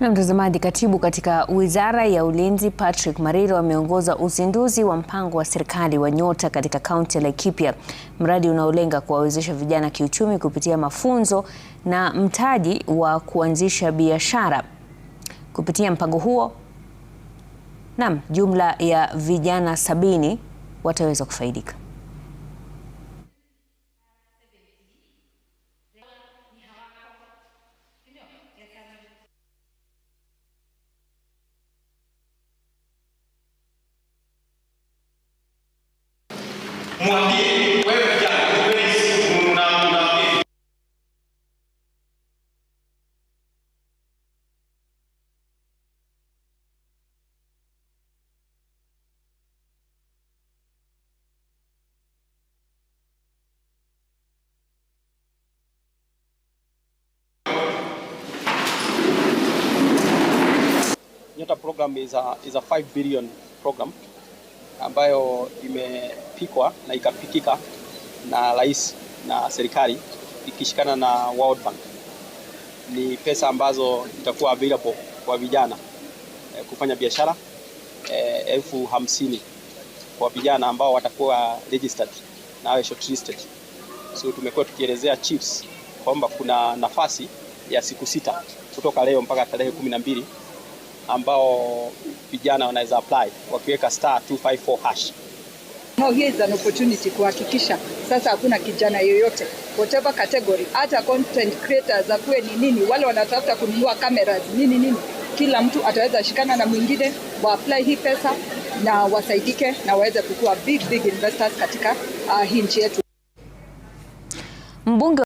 Na mtazamaji, katibu katika Wizara ya Ulinzi Patrick Mariro ameongoza uzinduzi wa mpango wa serikali wa Nyota katika kaunti ya Laikipia, mradi unaolenga kuwawezesha vijana kiuchumi kupitia mafunzo na mtaji wa kuanzisha biashara. Kupitia mpango huo, naam, jumla ya vijana sabini wataweza kufaidika. Data program is a, is a 5 billion program ambayo imepikwa na ikapikika na rais na serikali ikishikana na World Bank. Ni pesa ambazo itakuwa available kwa vijana eh, kufanya biashara eh, elfu hamsini kwa vijana ambao watakuwa registered na awe shortlisted. So tumekuwa tukielezea chiefs kwamba kuna nafasi ya siku sita kutoka leo mpaka tarehe kumi na mbili ambao vijana wanaweza apply wakiweka star 254 hash. No, here is an opportunity kuhakikisha sasa hakuna kijana yoyote whatever category, hata content creators akuwe ni nini, wale wanatafuta kununua cameras nini nini, kila mtu ataweza shikana na mwingine wa apply hii pesa na wasaidike na waweze kukua big big investors katika uh, hii nchi yetu. Mbunge